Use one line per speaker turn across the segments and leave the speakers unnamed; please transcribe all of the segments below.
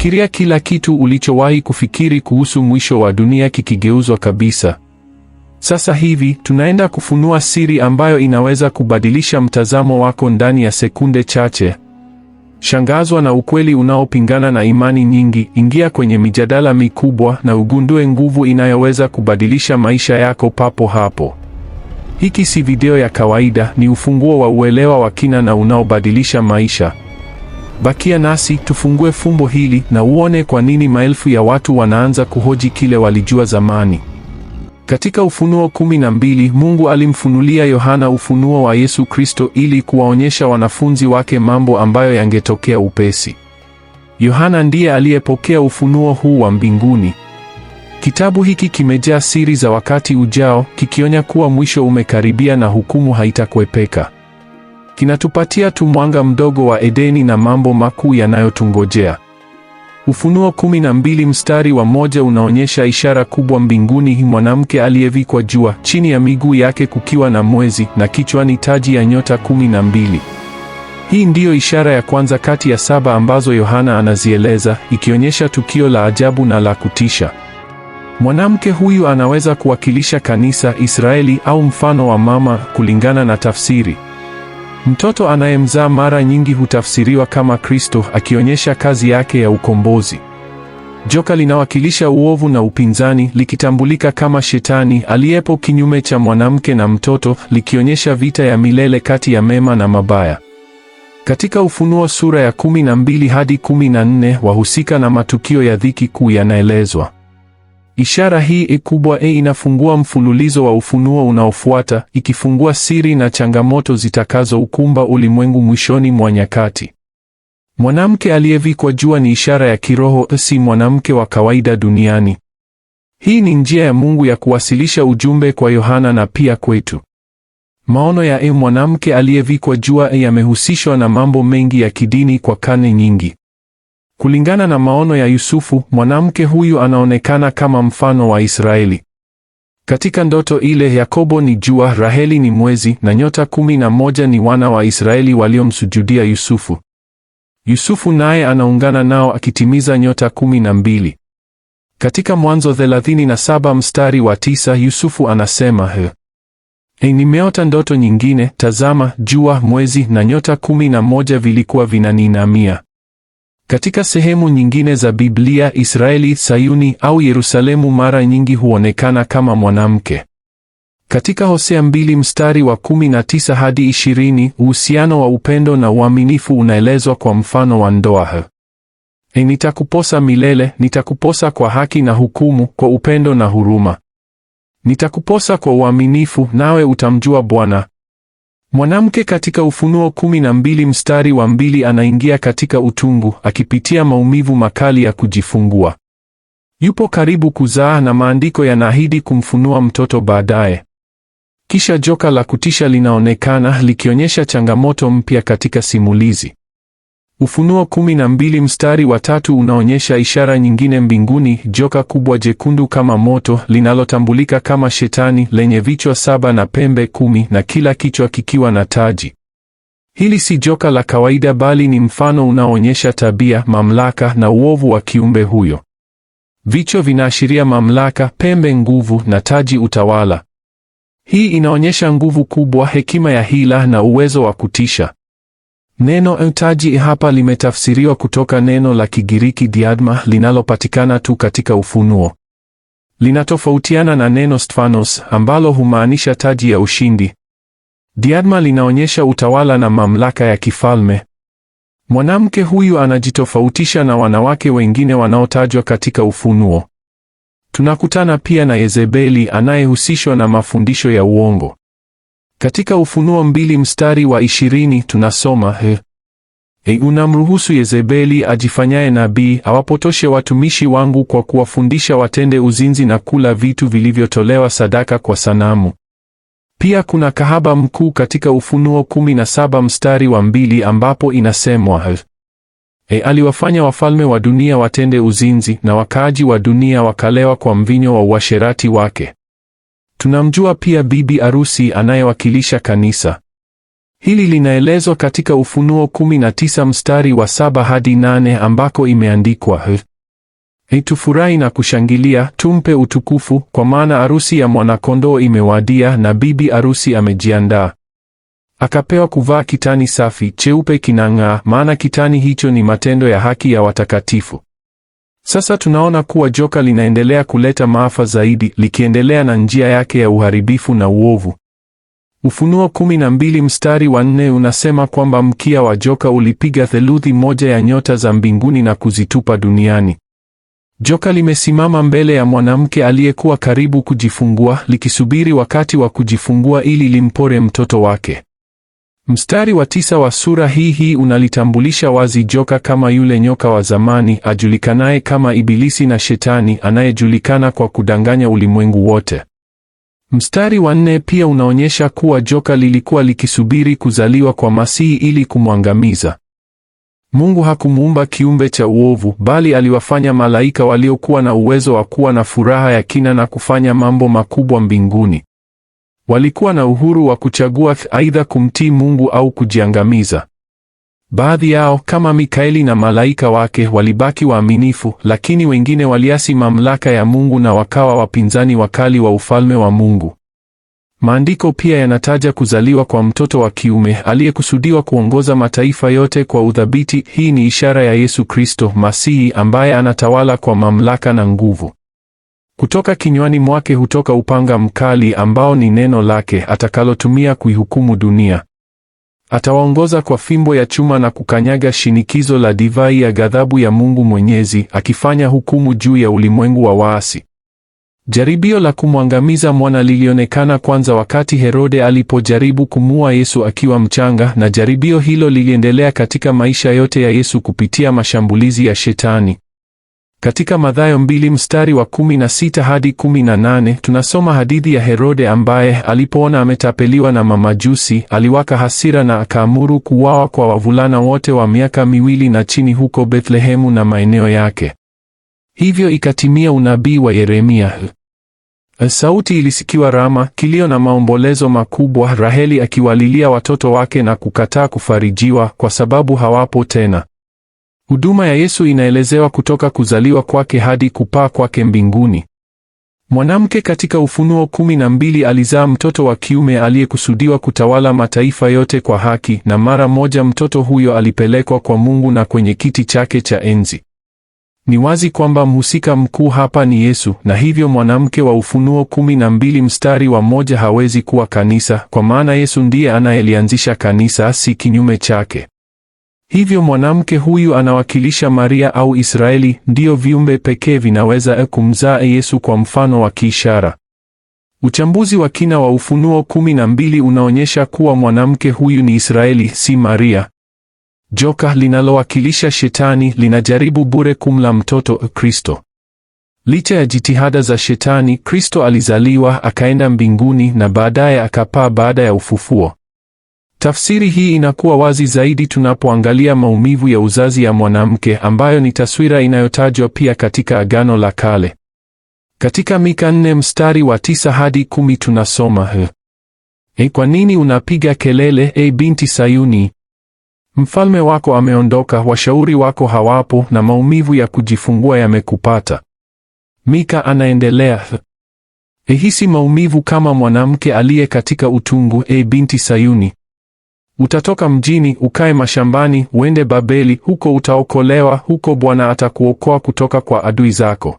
Fikiria kila kitu ulichowahi kufikiri kuhusu mwisho wa dunia kikigeuzwa kabisa. Sasa hivi tunaenda kufunua siri ambayo inaweza kubadilisha mtazamo wako ndani ya sekunde chache. Shangazwa na ukweli unaopingana na imani nyingi, ingia kwenye mijadala mikubwa na ugundue nguvu inayoweza kubadilisha maisha yako papo hapo. Hiki si video ya kawaida, ni ufunguo wa uelewa wa kina na unaobadilisha maisha. Bakia nasi tufungue fumbo hili na uone kwa nini maelfu ya watu wanaanza kuhoji kile walijua zamani. Katika Ufunuo kumi na mbili, Mungu alimfunulia Yohana ufunuo wa Yesu Kristo ili kuwaonyesha wanafunzi wake mambo ambayo yangetokea upesi. Yohana ndiye aliyepokea ufunuo huu wa mbinguni. Kitabu hiki kimejaa siri za wakati ujao, kikionya kuwa mwisho umekaribia na hukumu haitakwepeka kinatupatia tu mwanga mdogo wa Edeni na mambo makuu yanayotungojea. Ufunuo 12 mstari wa moja unaonyesha ishara kubwa mbinguni, mwanamke aliyevikwa jua, chini ya miguu yake kukiwa na mwezi, na kichwani taji ya nyota kumi na mbili. Hii ndiyo ishara ya kwanza kati ya saba ambazo Yohana anazieleza, ikionyesha tukio la ajabu na la kutisha. Mwanamke huyu anaweza kuwakilisha kanisa, Israeli au mfano wa mama kulingana na tafsiri. Mtoto anayemzaa mara nyingi hutafsiriwa kama Kristo, akionyesha kazi yake ya ukombozi. Joka linawakilisha uovu na upinzani, likitambulika kama Shetani aliyepo kinyume cha mwanamke na mtoto, likionyesha vita ya milele kati ya mema na mabaya. Katika Ufunuo sura ya 12 hadi 14, wahusika na matukio ya dhiki kuu yanaelezwa. Ishara hii e kubwa e inafungua mfululizo wa ufunuo unaofuata, ikifungua siri na changamoto zitakazoukumba ulimwengu mwishoni mwa nyakati. Mwanamke aliyevikwa jua ni ishara ya kiroho, si mwanamke wa kawaida duniani. Hii ni njia ya Mungu ya kuwasilisha ujumbe kwa Yohana na pia kwetu. Maono ya e mwanamke aliyevikwa jua e yamehusishwa na mambo mengi ya kidini kwa karne nyingi. Kulingana na maono ya Yusufu, mwanamke huyu anaonekana kama mfano wa Israeli. Katika ndoto ile, Yakobo ni jua, Raheli ni mwezi, na nyota kumi na moja ni wana wa Israeli waliomsujudia Yusufu. Yusufu naye anaungana nao akitimiza nyota kumi na mbili. Katika Mwanzo 37 mstari wa tisa, Yusufu anasema he Hey, nimeota ndoto nyingine. Tazama, jua, mwezi na nyota kumi na moja vilikuwa vinaninamia. Katika sehemu nyingine za Biblia, Israeli, Sayuni au Yerusalemu mara nyingi huonekana kama mwanamke. Katika Hosea mbili mstari wa 19 hadi 20, uhusiano wa upendo na uaminifu unaelezwa kwa mfano wa ndoa. E, nitakuposa milele, nitakuposa kwa haki na hukumu, kwa upendo na huruma. Nitakuposa kwa uaminifu, nawe utamjua Bwana. Mwanamke katika Ufunuo kumi na mbili mstari wa mbili anaingia katika utungu akipitia maumivu makali ya kujifungua. Yupo karibu kuzaa na maandiko yanaahidi kumfunua mtoto baadaye. Kisha joka la kutisha linaonekana likionyesha changamoto mpya katika simulizi. Ufunuo kumi na mbili mstari wa tatu unaonyesha ishara nyingine mbinguni, joka kubwa jekundu kama moto linalotambulika kama Shetani, lenye vichwa saba na pembe kumi na kila kichwa kikiwa na taji. Hili si joka la kawaida, bali ni mfano unaoonyesha tabia, mamlaka na uovu wa kiumbe huyo. Vichwa vinaashiria mamlaka, pembe nguvu, na taji utawala. Hii inaonyesha nguvu kubwa, hekima ya hila na uwezo wa kutisha. Neno utaji hapa limetafsiriwa kutoka neno la Kigiriki diadma linalopatikana tu katika Ufunuo. Linatofautiana na neno stephanos ambalo humaanisha taji ya ushindi. Diadma linaonyesha utawala na mamlaka ya kifalme. Mwanamke huyu anajitofautisha na wanawake wengine wanaotajwa katika Ufunuo. Tunakutana pia na Yezebeli anayehusishwa na mafundisho ya uongo. Katika Ufunuo mbili mstari wa ishirini tunasoma he, e, unamruhusu Yezebeli ajifanyaye nabii awapotoshe watumishi wangu kwa kuwafundisha watende uzinzi na kula vitu vilivyotolewa sadaka kwa sanamu. Pia kuna kahaba mkuu katika Ufunuo 17 mstari wa mbili ambapo inasemwa he, e, aliwafanya wafalme wa dunia watende uzinzi na wakaaji wa dunia wakalewa kwa mvinyo wa uasherati wake. Tunamjua pia bibi arusi anayewakilisha kanisa. Hili linaelezwa katika Ufunuo 19 mstari wa saba hadi nane ambako imeandikwa Tufurahi na kushangilia, tumpe utukufu, kwa maana arusi ya mwanakondoo imewadia na bibi arusi amejiandaa. Akapewa kuvaa kitani safi cheupe kinang'aa, maana kitani hicho ni matendo ya haki ya watakatifu. Sasa tunaona kuwa joka linaendelea kuleta maafa zaidi, likiendelea na njia yake ya uharibifu na uovu. Ufunuo 12 mstari wa nne unasema kwamba mkia wa joka ulipiga theluthi moja ya nyota za mbinguni na kuzitupa duniani. Joka limesimama mbele ya mwanamke aliyekuwa karibu kujifungua, likisubiri wakati wa kujifungua ili limpore mtoto wake. Mstari wa tisa wa sura hii hii unalitambulisha wazi joka kama yule nyoka wa zamani ajulikanaye kama Ibilisi na Shetani anayejulikana kwa kudanganya ulimwengu wote. Mstari wa nne pia unaonyesha kuwa joka lilikuwa likisubiri kuzaliwa kwa Masihi ili kumwangamiza. Mungu hakumuumba kiumbe cha uovu, bali aliwafanya malaika waliokuwa na uwezo wa kuwa na furaha ya kina na kufanya mambo makubwa mbinguni. Walikuwa na uhuru wa kuchagua aidha kumtii Mungu au kujiangamiza. Baadhi yao kama Mikaeli na malaika wake walibaki waaminifu, lakini wengine waliasi mamlaka ya Mungu na wakawa wapinzani wakali wa ufalme wa Mungu. Maandiko pia yanataja kuzaliwa kwa mtoto wa kiume aliyekusudiwa kuongoza mataifa yote kwa udhabiti. Hii ni ishara ya Yesu Kristo Masihi ambaye anatawala kwa mamlaka na nguvu. Kutoka kinywani mwake hutoka upanga mkali ambao ni neno lake atakalotumia kuihukumu dunia. Atawaongoza kwa fimbo ya chuma na kukanyaga shinikizo la divai ya ghadhabu ya Mungu Mwenyezi, akifanya hukumu juu ya ulimwengu wa waasi. Jaribio la kumwangamiza mwana lilionekana kwanza wakati Herode alipojaribu kumua Yesu akiwa mchanga, na jaribio hilo liliendelea katika maisha yote ya Yesu kupitia mashambulizi ya Shetani. Katika Mathayo mbili mstari wa 16 hadi 18 tunasoma hadithi ya Herode ambaye alipoona ametapeliwa na mamajusi, aliwaka hasira na akaamuru kuuawa kwa wavulana wote wa miaka miwili na chini huko Bethlehemu na maeneo yake. Hivyo ikatimia unabii wa Yeremia. Sauti ilisikiwa Rama, kilio na maombolezo makubwa, Raheli akiwalilia watoto wake na kukataa kufarijiwa kwa sababu hawapo tena. Huduma ya Yesu inaelezewa kutoka kuzaliwa kwake hadi kupaa kwake mbinguni. Mwanamke katika Ufunuo kumi na mbili alizaa mtoto wa kiume aliyekusudiwa kutawala mataifa yote kwa haki, na mara moja mtoto huyo alipelekwa kwa Mungu na kwenye kiti chake cha enzi. Ni wazi kwamba mhusika mkuu hapa ni Yesu, na hivyo mwanamke wa Ufunuo kumi na mbili mstari wa moja hawezi kuwa kanisa, kwa maana Yesu ndiye anayelianzisha kanisa, si kinyume chake. Hivyo mwanamke huyu anawakilisha Maria au Israeli, ndiyo viumbe pekee vinaweza kumzaa Yesu kwa mfano wa kiishara. Uchambuzi wa kina wa Ufunuo kumi na mbili unaonyesha kuwa mwanamke huyu ni Israeli, si Maria. Joka linalowakilisha Shetani linajaribu bure kumla mtoto Kristo. Licha ya jitihada za Shetani, Kristo alizaliwa, akaenda mbinguni na baadaye akapaa baada ya ufufuo. Tafsiri hii inakuwa wazi zaidi tunapoangalia maumivu ya uzazi ya mwanamke ambayo ni taswira inayotajwa pia katika Agano la Kale. Katika Mika 4 mstari wa tisa hadi kumi tunasoma he. e, kwa nini unapiga kelele, e binti Sayuni? Mfalme wako ameondoka, washauri wako hawapo, na maumivu ya kujifungua yamekupata. Mika anaendelea, ehisi e, maumivu kama mwanamke aliye katika utungu, e binti Sayuni. Utatoka mjini ukae mashambani, uende Babeli, huko utaokolewa, huko Bwana atakuokoa kutoka kwa adui zako.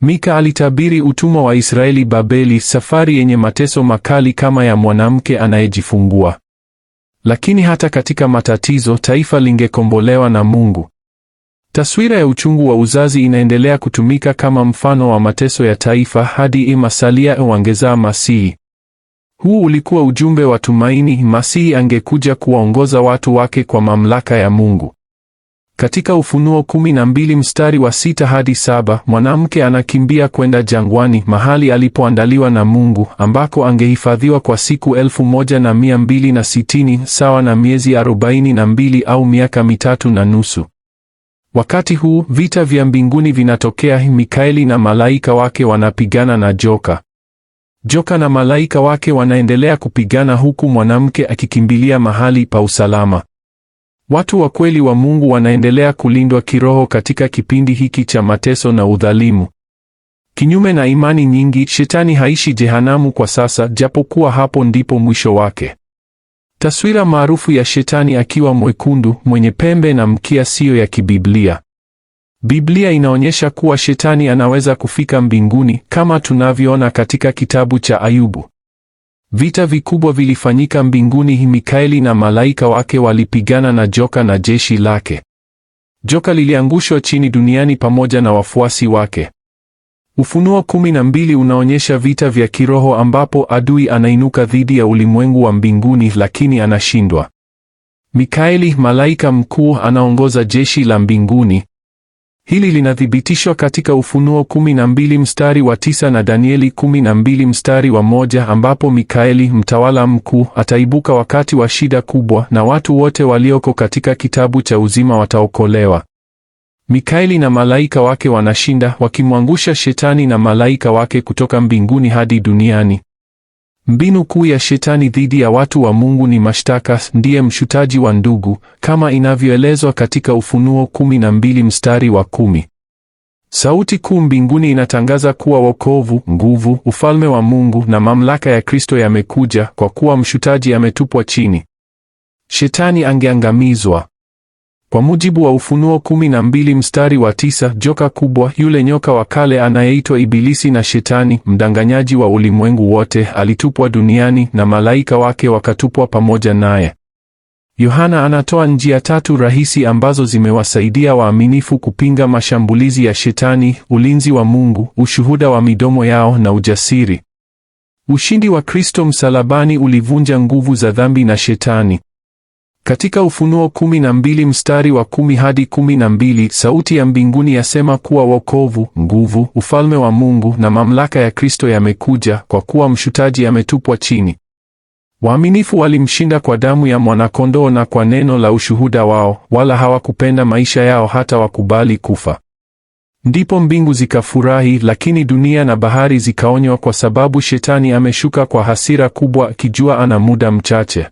Mika alitabiri utumwa wa Israeli Babeli, safari yenye mateso makali kama ya mwanamke anayejifungua. Lakini hata katika matatizo, taifa lingekombolewa na Mungu. Taswira ya uchungu wa uzazi inaendelea kutumika kama mfano wa mateso ya taifa hadi imasalia wangezaa Masihi. Huu ulikuwa ujumbe wa tumaini: Masihi angekuja kuwaongoza watu wake kwa mamlaka ya Mungu. Katika Ufunuo 12 mstari wa sita hadi saba, mwanamke anakimbia kwenda jangwani, mahali alipoandaliwa na Mungu, ambako angehifadhiwa kwa siku elfu moja na mia mbili na sitini sawa na miezi arobaini na mbili au miaka mitatu na nusu. Wakati huu vita vya mbinguni vinatokea, Mikaeli na malaika wake wanapigana na joka. Joka na malaika wake wanaendelea kupigana huku mwanamke akikimbilia mahali pa usalama. Watu wa kweli wa Mungu wanaendelea kulindwa kiroho katika kipindi hiki cha mateso na udhalimu. Kinyume na imani nyingi, shetani haishi jehanamu kwa sasa, japokuwa hapo ndipo mwisho wake. Taswira maarufu ya shetani akiwa mwekundu, mwenye pembe na mkia siyo ya kibiblia. Biblia inaonyesha kuwa shetani anaweza kufika mbinguni kama tunavyoona katika kitabu cha Ayubu. Vita vikubwa vilifanyika mbinguni, Mikaeli na malaika wake walipigana na joka na jeshi lake. Joka liliangushwa chini duniani pamoja na wafuasi wake. Ufunuo kumi na mbili unaonyesha vita vya kiroho ambapo adui anainuka dhidi ya ulimwengu wa mbinguni lakini anashindwa. Mikaeli, malaika mkuu, anaongoza jeshi la mbinguni Hili linathibitishwa katika Ufunuo 12 mstari wa tisa na Danieli 12 mstari wa moja ambapo Mikaeli mtawala mkuu ataibuka wakati wa shida kubwa na watu wote walioko katika kitabu cha uzima wataokolewa. Mikaeli na malaika wake wanashinda wakimwangusha shetani na malaika wake kutoka mbinguni hadi duniani. Mbinu kuu ya shetani dhidi ya watu wa Mungu ni mashtaka, ndiye mshutaji wa ndugu, kama inavyoelezwa katika Ufunuo 12 mstari wa kumi. Sauti kuu mbinguni inatangaza kuwa wokovu, nguvu, ufalme wa Mungu na mamlaka ya Kristo yamekuja, kwa kuwa mshutaji ametupwa chini. Shetani angeangamizwa. Kwa mujibu wa Ufunuo 12 mstari wa tisa, joka kubwa, yule nyoka wa kale anayeitwa Ibilisi na Shetani, mdanganyaji wa ulimwengu wote, alitupwa duniani na malaika wake wakatupwa pamoja naye. Yohana anatoa njia tatu rahisi ambazo zimewasaidia waaminifu kupinga mashambulizi ya Shetani: ulinzi wa Mungu, ushuhuda wa midomo yao na ujasiri. Ushindi wa Kristo msalabani ulivunja nguvu za dhambi na Shetani. Katika Ufunuo kumi na mbili mstari wa kumi hadi kumi na mbili sauti ya mbinguni yasema kuwa wokovu, nguvu, ufalme wa Mungu na mamlaka ya Kristo yamekuja, kwa kuwa mshutaji ametupwa chini. Waaminifu walimshinda kwa damu ya mwanakondoo na kwa neno la ushuhuda wao, wala hawakupenda maisha yao hata wakubali kufa. Ndipo mbingu zikafurahi, lakini dunia na bahari zikaonywa, kwa sababu Shetani ameshuka kwa hasira kubwa, akijua ana muda mchache.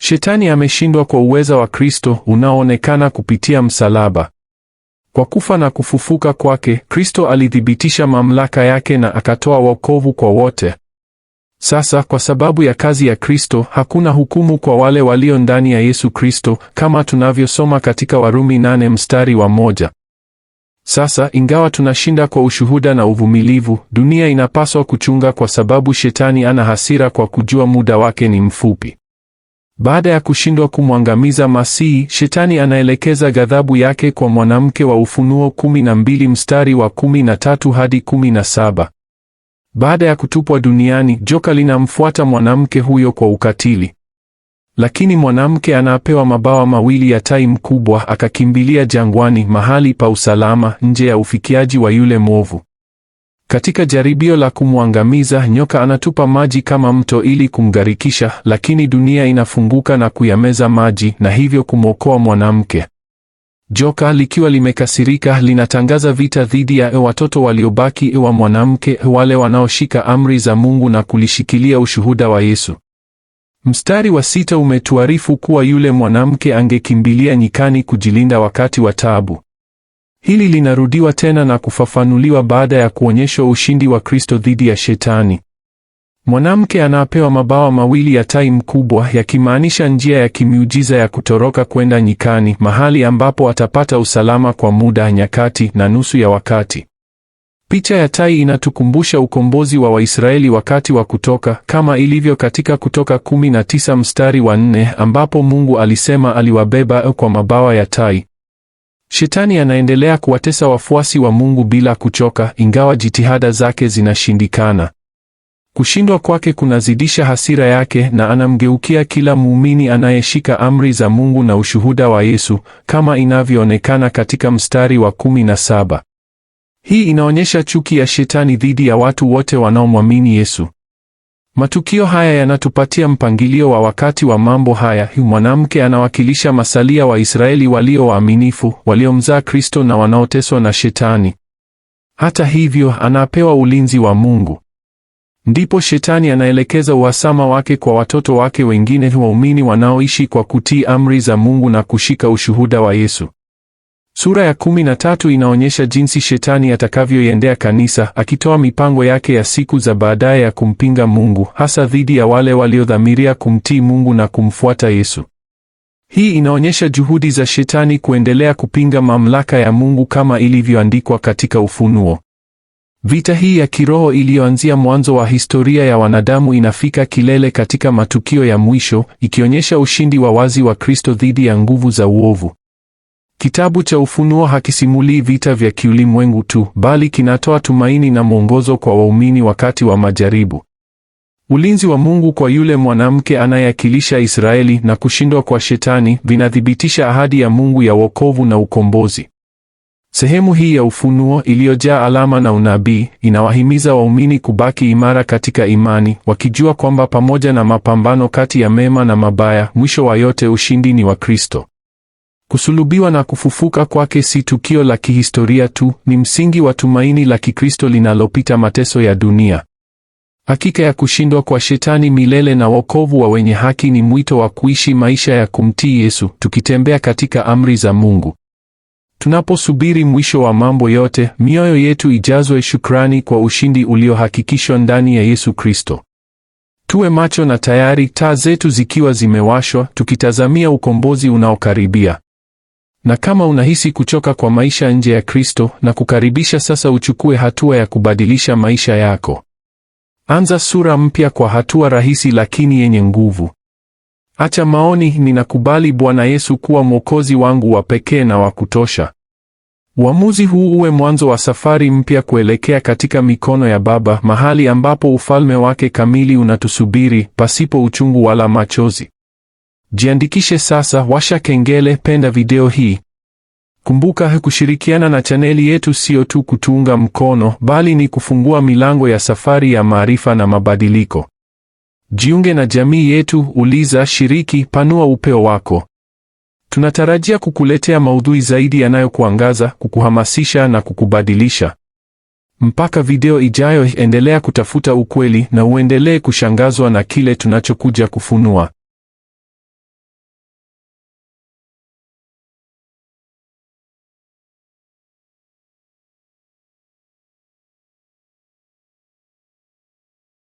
Shetani ameshindwa kwa uweza wa Kristo unaoonekana kupitia msalaba. Kwa kufa na kufufuka kwake, Kristo alithibitisha mamlaka yake na akatoa wokovu kwa wote. Sasa kwa sababu ya kazi ya Kristo, hakuna hukumu kwa wale walio ndani ya Yesu Kristo, kama tunavyosoma katika Warumi nane mstari wa moja. Sasa ingawa tunashinda kwa ushuhuda na uvumilivu, dunia inapaswa kuchunga kwa sababu shetani ana hasira kwa kujua muda wake ni mfupi. Baada ya kushindwa kumwangamiza Masihi, shetani anaelekeza ghadhabu yake kwa mwanamke wa Ufunuo 12 mstari wa 13 hadi 17. Baada ya kutupwa duniani, joka linamfuata mwanamke huyo kwa ukatili. Lakini mwanamke anapewa mabawa mawili ya tai mkubwa, akakimbilia jangwani, mahali pa usalama, nje ya ufikiaji wa yule mwovu. Katika jaribio la kumwangamiza, nyoka anatupa maji kama mto ili kumgharikisha, lakini dunia inafunguka na kuyameza maji na hivyo kumwokoa mwanamke. Joka likiwa limekasirika linatangaza vita dhidi ya watoto waliobaki wa mwanamke, wale wanaoshika amri za Mungu na kulishikilia ushuhuda wa Yesu. Mstari wa sita umetuarifu kuwa yule mwanamke angekimbilia nyikani kujilinda wakati wa taabu. Hili linarudiwa tena na kufafanuliwa baada ya kuonyeshwa ushindi wa Kristo dhidi ya Shetani. Mwanamke anapewa mabawa mawili ya tai mkubwa, yakimaanisha njia ya kimiujiza ya kutoroka kwenda nyikani, mahali ambapo atapata usalama kwa muda, nyakati na nusu ya wakati. Picha ya tai inatukumbusha ukombozi wa Waisraeli wakati wa kutoka, kama ilivyo katika Kutoka 19 mstari wa 4, ambapo Mungu alisema aliwabeba kwa mabawa ya tai. Shetani anaendelea kuwatesa wafuasi wa Mungu bila kuchoka, ingawa jitihada zake zinashindikana. Kushindwa kwake kunazidisha hasira yake, na anamgeukia kila muumini anayeshika amri za Mungu na ushuhuda wa Yesu, kama inavyoonekana katika mstari wa kumi na saba. Hii inaonyesha chuki ya Shetani dhidi ya watu wote wanaomwamini Yesu. Matukio haya yanatupatia mpangilio wa wakati wa mambo haya. Mwanamke anawakilisha masalia wa Israeli walio waaminifu, waliomzaa Kristo na wanaoteswa na Shetani. Hata hivyo, anapewa ulinzi wa Mungu. Ndipo Shetani anaelekeza uhasama wake kwa watoto wake wengine, waumini wanaoishi kwa kutii amri za Mungu na kushika ushuhuda wa Yesu. Sura ya kumi na tatu inaonyesha jinsi shetani atakavyoiendea kanisa akitoa mipango yake ya siku za baadaye ya kumpinga Mungu, hasa dhidi ya wale waliodhamiria kumtii Mungu na kumfuata Yesu. Hii inaonyesha juhudi za shetani kuendelea kupinga mamlaka ya Mungu kama ilivyoandikwa katika Ufunuo. Vita hii ya kiroho iliyoanzia mwanzo wa historia ya wanadamu inafika kilele katika matukio ya mwisho, ikionyesha ushindi wa wazi wa Kristo dhidi ya nguvu za uovu. Kitabu cha Ufunuo hakisimulii vita vya kiulimwengu tu, bali kinatoa tumaini na mwongozo kwa waumini wakati wa majaribu. Ulinzi wa Mungu kwa yule mwanamke anayeakilisha Israeli na kushindwa kwa Shetani vinathibitisha ahadi ya Mungu ya wokovu na ukombozi. Sehemu hii ya Ufunuo iliyojaa alama na unabii inawahimiza waumini kubaki imara katika imani, wakijua kwamba pamoja na mapambano kati ya mema na mabaya, mwisho wa yote ushindi ni wa Kristo. Kusulubiwa na kufufuka kwake si tukio la kihistoria tu, ni msingi wa tumaini la Kikristo linalopita mateso ya dunia. Hakika ya kushindwa kwa shetani milele na wokovu wa wenye haki ni mwito wa kuishi maisha ya kumtii Yesu, tukitembea katika amri za Mungu. Tunaposubiri mwisho wa mambo yote, mioyo yetu ijazwe shukrani kwa ushindi uliohakikishwa ndani ya Yesu Kristo. Tuwe macho na tayari, taa zetu zikiwa zimewashwa, tukitazamia ukombozi unaokaribia. Na kama unahisi kuchoka kwa maisha nje ya Kristo, na kukaribisha sasa uchukue hatua ya kubadilisha maisha yako. Anza sura mpya kwa hatua rahisi lakini yenye nguvu. Acha maoni, ninakubali Bwana Yesu kuwa mwokozi wangu wa pekee na wa kutosha. Uamuzi huu uwe mwanzo wa safari mpya kuelekea katika mikono ya Baba, mahali ambapo ufalme wake kamili unatusubiri pasipo uchungu wala machozi. Jiandikishe sasa, washa kengele, penda video hii. Kumbuka, kushirikiana na chaneli yetu sio tu kutuunga mkono, bali ni kufungua milango ya safari ya maarifa na mabadiliko. Jiunge na jamii yetu, uliza, shiriki, panua upeo wako. Tunatarajia kukuletea maudhui zaidi yanayokuangaza, kukuhamasisha na kukubadilisha. Mpaka video ijayo, endelea kutafuta ukweli na uendelee kushangazwa na kile tunachokuja kufunua.